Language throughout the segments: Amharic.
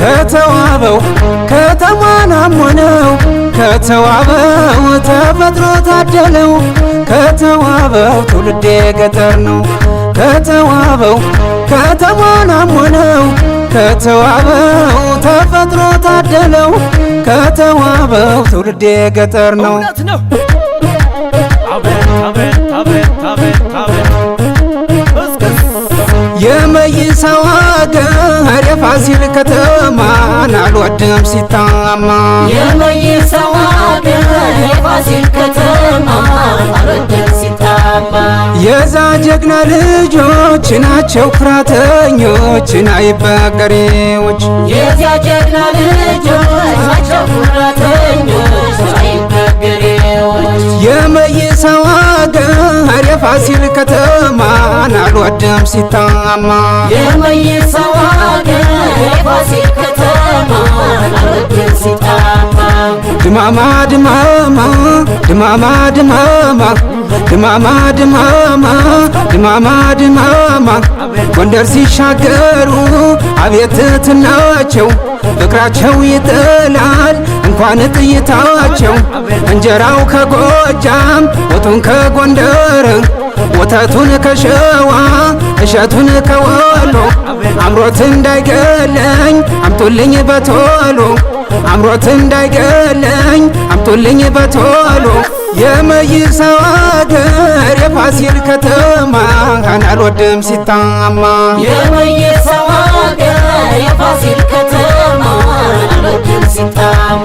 ከተዋበው ከተማን አሞነው ከተዋበው ተፈጥሮ ታደለው ከተዋበው ትውልዴ ገጠር ነው ከተዋበው ከተማን አሞነው ከተዋበው ተፈጥሮ ታደለው ከተዋበው ትውልዴ ገጠር ነው። የመይሳዋ ወደ ፋሲል ከተማ አልወድም ሲታማ የመይሳው ሀገር የፋሲል ከተማ አልወድም ሲታማ የዛ ጀግና ልጆች ናቸው ኩራተኞች አይበገሬዎች የዛ ጀግና ልጆች ናቸው ኩራተኞች አይበገሬዎች የፋሲል ከተማን አልወደም ሲታማ የመይት ሰው አገር የፋሲል ድማማ ድማማ ድማማ ድማማ ድማማ ድማማ ድማማ ድማማ ጎንደር ሲሻገሩ አቤት ትህትናቸው ፍቅራቸው ይጥላል እንኳን ጥይታቸው። እንጀራው ከጎጃም ወቱን ከጎንደር ወተቱን ከሸዋ እሸቱን ከወሎ አምሮት እንዳይገለኝ አምጡልኝ በቶሎ አምሮት እንዳይገለኝ አምጡልኝ በቶሎ የመይሳው አገር የፋሲል ከተማ አልወድም ሲታማ የመይሳው አገር የፋሲል ከተማ አልወድም ሲታማ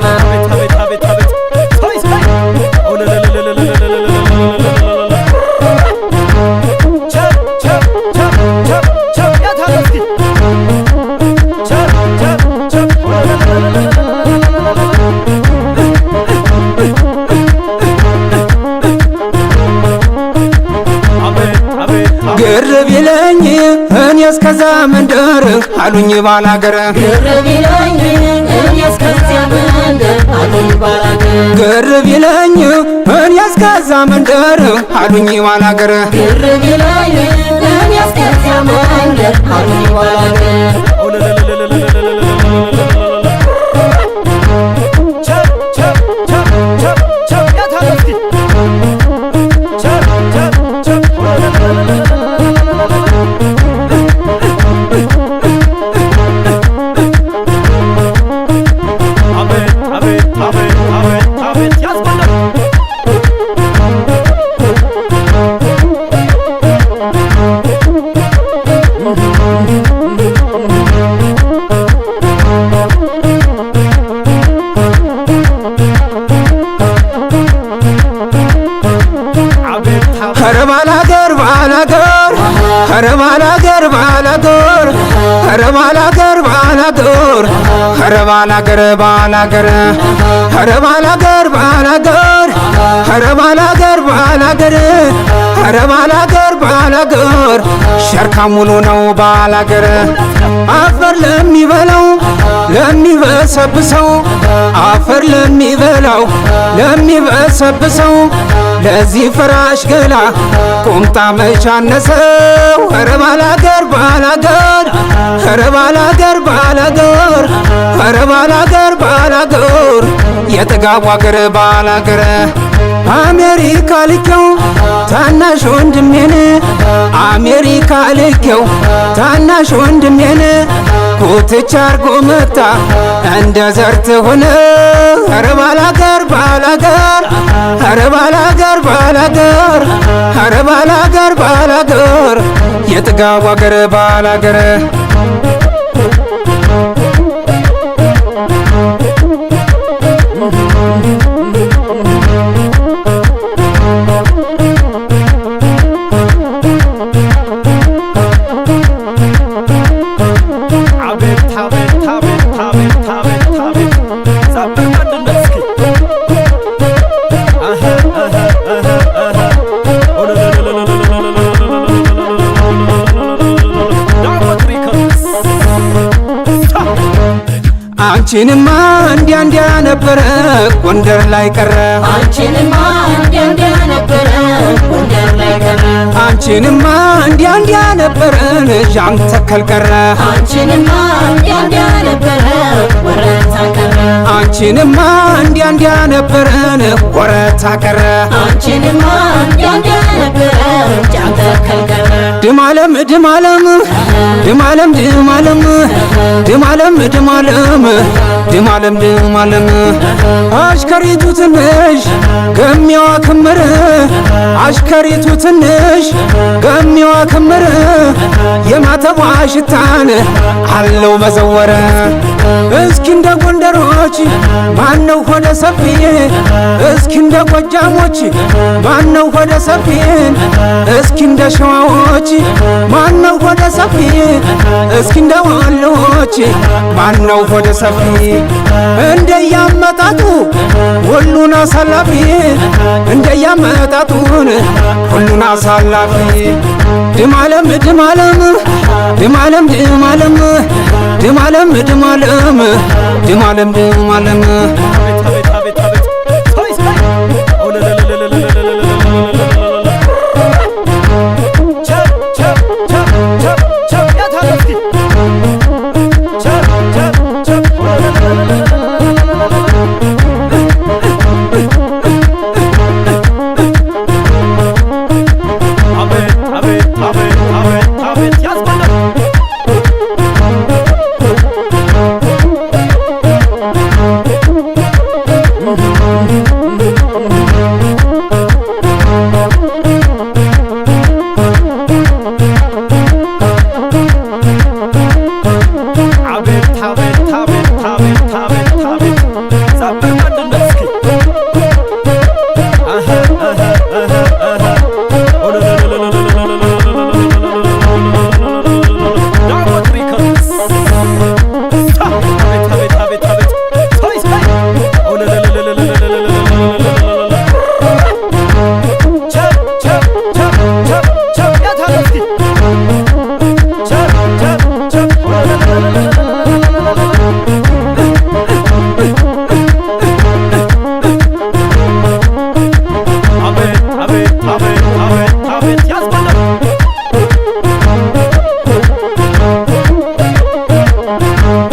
እስከዛ መንደር አሉኝ ባላገረ ግር ቢለኝ እኔ እስከዛ መንደር አሉኝ ባላገረ ግር ባላቶር ኧረ ባላገር ባላቶር ኧረ ባላገር ባላቶር ኧረ ባላገር ባላገር ኧረ ባላገር ባላቶር ኧረ ባላገር ባላገር ኧረ ባላገር ባላገር ሸርካ ሙሉ ነው ባላገር አፈር ለሚበላው ለሚበሰብሰው አፈር ለሚበላው ለሚበሰብሰው ለዚህ ፍራሽ ገላ ቁምጣ መች አነሰው? ኧረ ባላገር ባላገር ኧረ ባላገር ባላገር ኧረ ባላገር ባላገር የጥጋቡ አገር ባላገር አሜሪካ ልኬው ታናሽ ወንድሜን አሜሪካ ልኬው ታናሽ ወንድሜን ጉትቻ አርጎ መታ እንደ ዘርት ሆነ ኧረ ባላገር ባላገር ኧረ ባላገር ባላገር ኧረ ባላገር ባላገር የጥጋቡ አገር ባላገር አንቺንማ እንዲያ እንዲያ ነበረ ጎንደር ላይ ቀረ አንቺንማ እንዲያ እንዲያ ነበረ ጎንደር ተከል ቀረ አንቺንማ እንዲያ እንዲያ ነበረ ወረታ ቀረ አንቺንማ እንዲያ እንዲያ ቀረ ድማለም ድማለም ድማለም ድማለም ድማለም ድማለም ድማለም ድማለም አሽከሪቱ ትንሽ ገሚዋ ክምር አሽከሪቱ ትንሽ ገሚዋ ክምር የማተቧ ሽታን አለው መዘወረ እስኪ እንደ ጎንደሮች ማነው ሆደ ሰፊዬ? እስኪ እንደ ጎጃሞች ማነው ሆደ ሰፊዬን? እስኪ እንደ ሸዋዎች ማነው ሆደ ሰፊዬ? እስኪ እንደ ወሎዎች ማነው ሆደ ሰፊዬ? እንደያመጣጡ ሁሉን አሳላፊ እንደያመጣጡን ሁሉን አሳላፊ ድማለም ድማለም ድማለም ድማለም ድማለም ድማለም ድማለም ድማለም you.